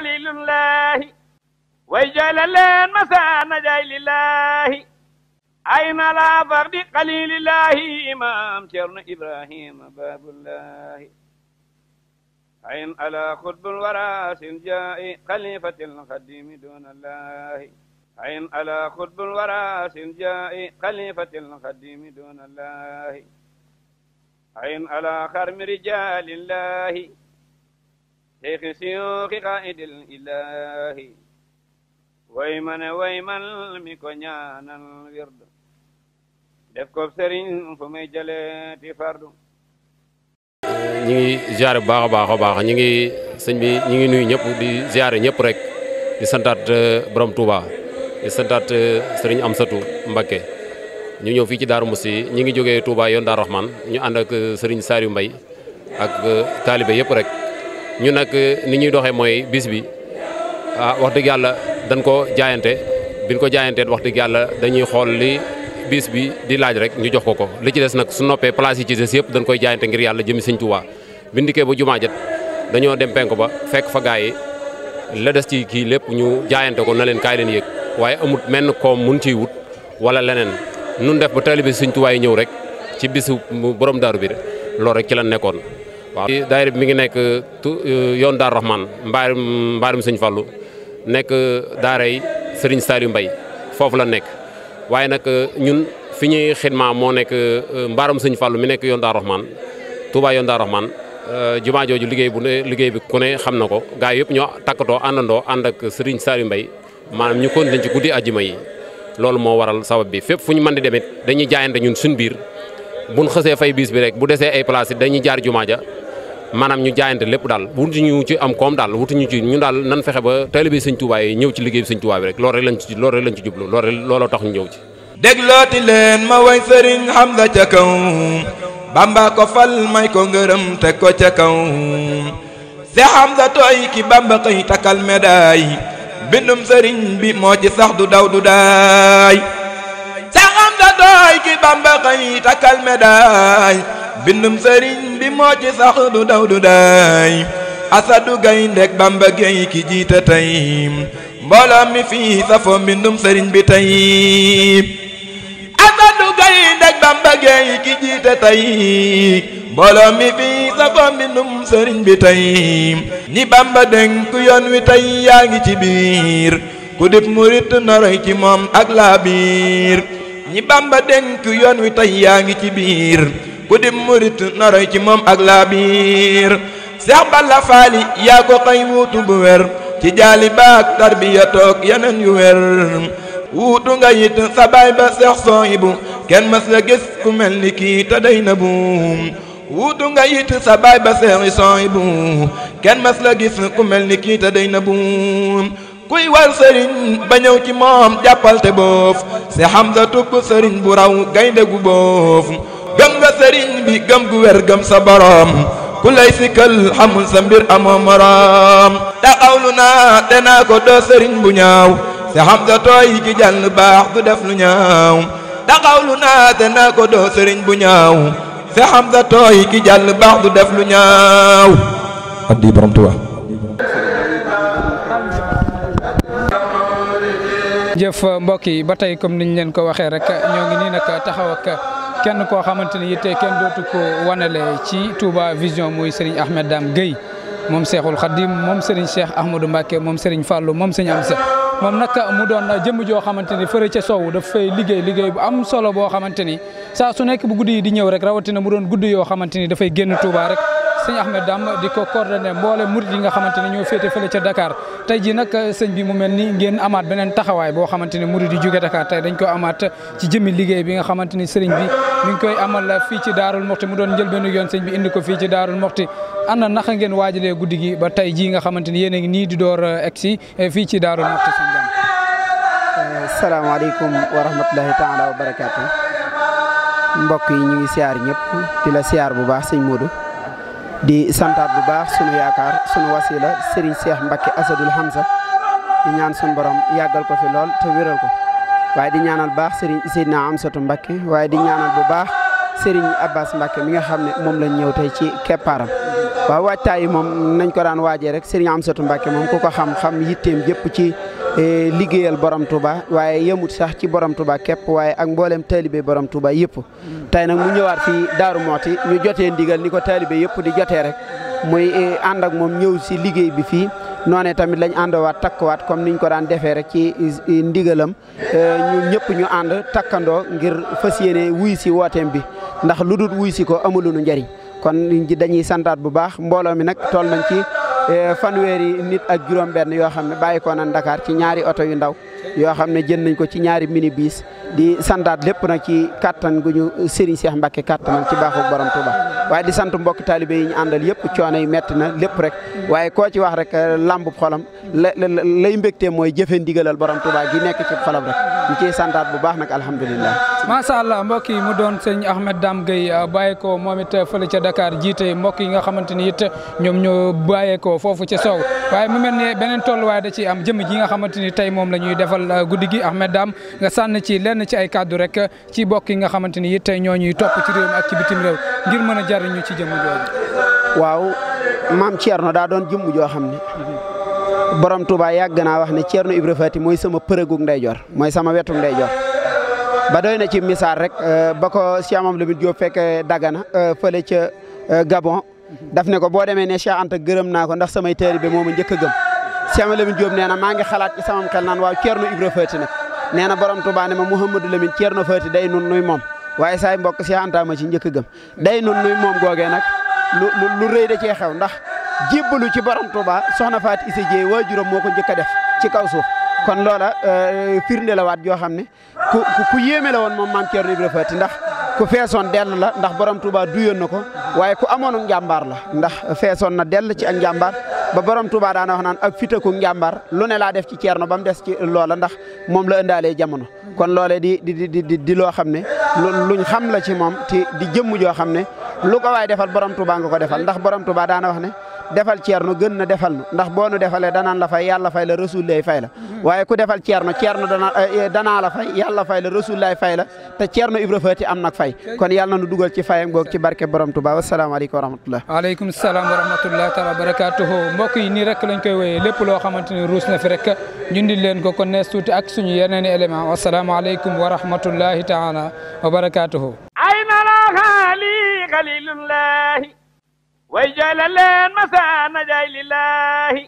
xalilullahi way jala leen masaana jaay lillahi ay na laa fardi xalilillahi imam cerno ibrahima babullahi ayn ala xutbul warasil jaa'i xalifatil xadimi dunallahi ayn ala xutbul warasil jaa'i xalifatil xadimi dunallahi ayn ala xarmi rijalillahi شيخ شيوخ قائد الإله ويمن ويمن mi ko ñaanal wird def ko sëriñ fu muy jëlee ti fardu ñi ngi ziare bu baax a baax a baax ñi ngi sëñ bi ñi ngi nuyu ñëpp di ziare ñëpp rek di santaat borom Touba di santaat sëriñ Amsatou Mbacké ñu ñëw fii ci Daaru Musti ñi ngi jóge Touba yoon Daaru Rahman ñu ànd ak sëriñ Saliou mbay ak taalibe yëpp rek ñu nag euh, ni ñuy doxee mooy bis bi ah wax dëgg yàlla dañ ko jaayante biñ ko jaayantee wax dëgg yàlla dañuy xool li bis bi di laaj rek ñu jox ko ko li ci des nag su noppee place yi ci des yëpp dañ koy jaayante ngir yàlla jëmmi sëñ bindikee bi ndikee ba jumaa jot dañoo dem penk ba fekk fa gaa yi la des ci kii lépp ñu jaayante ko na leen kaay leen yéeg waaye amut menn koom mun ciy wut wala leneen nun def ba taalibe bi Tuubaa ñëw rek ci bisu borom daaru bi de loolu rek ci lan nekkoon waaw daayira bi mi ngi nekk tu euh, yoon Daaru Rahman mbaarum mbaarum sëñ Fallou nekk euh, daaray Serigne Saliou mbay foofu la nekk waaye nag euh, ñun fi ñuy xidma moo nekk mbaarum sëñ Fallou mu nekk yoon Daaru Rahman Touba yoon Daaru Rahman jumaa jooju liggéey bu ne liggéey bi ku ne xam na ko gaa yëpp ñoo takkatoo àndandoo ànd ak Serigne Saliou mbay maanaam ñu continué ci guddi àjjuma yi loolu moo waral sabab bi fépp fu ñu mën di demit dañuy jaayante ñun suñ biir buñ xësee fay biis bi rek bu desee ay place dañuy jaar jumaa ja maanaam ñu jaayante lépp daal wutuñu ci am koom daal wutuñu ci ñun daal nan fexe ba taalibe sëñ Tuubaa yi ñëw ci liggéey bi sëñ Tuubaa bi rek loolu rek lañ ci loolu rek lañ ci jublu loolu rek looloo tax ñu ñëw ci déglooti leen ma way sëriñ Hamza ca kaw Bamba ko fal may ko ngërëm teg ko ca kaw se Hamza tooy ki Bamba xëy takkal médaay bindum sëriñ bi moo ci sax du daw du daay se Hamza tooy ki Bamba xëy takkal médaay bindum sëriñ bi moo ci sax du daw du daay asadu gayndeg bamba ki jiite tey mbooloo mi fii safoo mbindum sëriñ bi tey asadu gayndeg bamba ki jiite tey mbooloo mi fii safoo mbindum sëriñ bi tey ñi bamba dénk yoon wi tey yaa ngi ci biir ku dib murit noroy ci moom ak laa biir ñi bamba dénk yoon wi tey yaa ngi ci biir ku di murit naroy ci moom ak laa biir Seex Balla Faali yaa ko xëy wuutu bu wér ci jaali baak tarbiya toog yeneen yu wér wuutu nga yit sa baay ba Seex Sohibu kenn mas la gis ku mel ni kii te day na buum wuutu nga yit sa baay ba Seex Sohibu kenn mas la gis ku mel ni kii te day na buum kuy war sëriñ ba ñëw ci moom jàppal te boof Seex Hamza tukk sëriñ bu raw gaynde gu boof sëriñ gu wér gëm sa ku lay sikkal xamul mbir amoo moroom taxawlu bu ñaaw si xam sa tooy ki jàll baax du def lu ñaaw bu ñaaw si baax du def lu ñaaw addi borom Tuubaa jëf mbokk yi ba tey comme niñ leen ko waxee rek ñoo ngi nii nag taxaw ak kenn koo xamante ni yitte kenn dootu ko wanale ci Touba Vision muy Serigne Ahmed Dame Gueye moom Cheikhul Khadim moom Serigne Cheikh Ahmadou Mbacke moom Serigne Fallou moom Serigne Amsa moom nag mu doon jëmm joo xamante ni fëre ca soow daf fay liggéey liggéey bu am solo boo xamante ni saa su nekk bu guddi yi di ñëw rek rawatina mu doon guddi yoo xamante ni dafay génn Touba rek. sëñ Ahmed Dame di ko coordonné mboole murid yi nga xamante ne ñoo féete fële ca Dakar tey ji nag euh, sëñ bi mu mel ni ngeen amaat beneen taxawaay boo xamante ne murid yi jóge Dakar tey dañ ko amaat ci jëmi liggéey bi nga xamante ni sëriñ bi mi ngi koy amal fii ci Daarul Moxti mu doon njëlbeenu yoon sëñ bi indi ko fii ci Daarul Moxti ana naka ngeen waajalee guddi gi ba tey ji nga xamante ni yéen a ngi nii di door euh, egsi euh, fii ci Daarul Moxti sëñ Dame salaamaaleykum wa rahmatulahi taala wa barakaatu mbokk yi ñu ngi siyaar ñëpp di la siyaar bu baax sëñ Modou di santaat bu baax sunu yaakaar sunu wasila Serigne Cheikh Mbacke Asadul Hamza di ñaan sunu borom yàggal ko fi lool te wéral ko waaye di ñaanal baax Serigne Seydina Amsatu mbakki waaye di ñaanal bu baax Serigne Abbas Mbacke mi nga xam ne moom lañ ñëw tey ci keppaaram. waaw waajtaay yi moom nañ ko daan waajee rek Serigne Amsatu Mbacke moom ku ko xam xam yitteem jëpp ci. E liggéeyal borom Touba waaye yemut sax ci borom Touba képp waaye ak mboolem taalibe borom Touba yëpp. tey nag mu ñëwaat fii Daaru Mooti ñu jotee ndigal ni ko taalibe yëpp di jotee rek muy e, ànd ak moom ñëw si liggéey bi fii. noone tamit lañ àndawaat takkuwaat comme niñ ko daan defee rek ci e, ndigalam ñun ñëpp ñu ànd takkandoo ngir fas yéene wuy si wooteem bi ndax lu dul wuy si ko amulunu njariñ kon dañuy santaat bu baax mbooloo mi nag nañ ci. Eh, fanweeri nit ak juróom-benn yoo xam ne bàyyi na Dakar ci ñaari oto yu ndaw yoo xam ne jënd nañ ko ci ñaari mini bis di santaat lépp nag ci kattan gu ñu Serigne Cheikh Mbacke kattanal ci baaxu borom Touba waaye di sant mbokk taalibe yi ñu àndal yëpp coono yi metti na lépp rek waaye koo ci wax rek euh, lambub xolam la lay mbégte mooy jëfe ndigalal borom Touba gi nekk ci xolam rek ñu ciy santaat bu baax nag alhamdulilah. macha allah mbokk yi mu doon sëñ Ahmed Dame Gueye euh, bàyyeekoo moom it euh, fële ca Dakar jiite mbokk yi nga xamante ni it ñoom ñoo bàyyeekoo foofu ca Sow waaye mu mel ne beneen tolluwaay da ciy am jëm defal euh, guddi gi Ahmed daam nga sànn ci lenn ci ay kàddu rek ci bokk yi nga xamante ni it tey ñoo ñuy topp ci réew mi ci bitim réew ngir mën a jariñu ci jëmm jooju. waaw maam Thierno daa doon jëmm joo xam ne. borom Touba yàgg naa wax ne Thierno Ibra Fati mooy sama përëgug ndeyjoor mooy sama wetug ndeyjoor ba doy na ci misaal rek euh, ba ko Cheikh Mamadou Lamine Diop fekk Dagana euh, fële ca Gabon daf ne ko boo demee ne Cheikh Anta gërëm naa ko ndax samay taalibe moom njëkk a gëm. Cheikh Lamine Diop nee na maa ngi xalaat ci samam xel naan waaw Thierno Ibra Faty nag nee na borom Touba ne ma Mouhamadou Lamine na Faty day nun nuy moom waaye saay mbokk Cheikh Anta ma ci njëkk gëm day nun nuy moom googee nag lu lu rëy da cee xew ndax jébbalu ci borom Touba soxna Faty Issa Dieye waajuram moo ko njëkk def ci kaw suuf kon loola euh, firnde la waat joo xam ne ku ku yéeme la woon moom maam Thierno Ibra Faty ndax ku feesoon dell la ndax borom Touba duyoon na ko waaye ku amoon njàmbaar la ndax feesoon na dell ci ak njàmbaar ba borom Touba daana wax naan ak fitaku njàmbaar lu ne laa def ci ceerno ba mu des ci loola ndax moom la ëndaalee jamono kon loolee di di di di di di loo xam ne luñ xam la ci moom te di jëmm joo xam ne lu ko waay defal borom Touba nga ko defal ndax borom Touba daana wax ne defal ceerno gën na defal ndax boo nu defalee danaan la fay yàlla fay la rasul fay la waaye ku defal ceerno ceerno dana eh, eh, danaa la fay yàlla fay la rasul fay la te ceerno Ibra Faati am nag fay kon yàlla nu dugal ci fayam goog ci barke borom Tuubaa wasalaamaaleykum wa rahmatullah aleykum salaam wa rahmatullah taala barakaatuhu mbokk yi nii rek lañ koy wooyee lépp loo xamante ne ruus na fi rek ñu leen ko kon nees tuuti ak suñu yeneen i élément wasalaamaaleykum wa rahmatullahi taala wa barakaatuhu ay way jooy la leen masaana jaay lillahi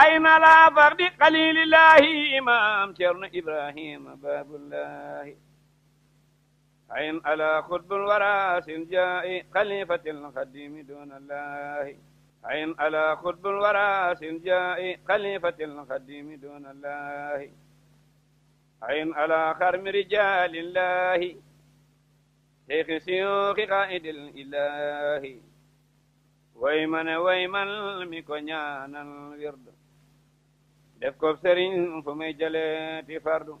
ay na laa fardi xalilillahi imam cerno ibrahima babullahi عين على خطب الورى سنجاء خليفة الخديم دون الله عين على خطب الورى سنجاء خليفة الخديم دون الله عين على خرم رجال الله شيخ سيوخ قائد الإله way ma ne way mi ko ñaanal wird def ko sëriñ fu may jëlee ti fardu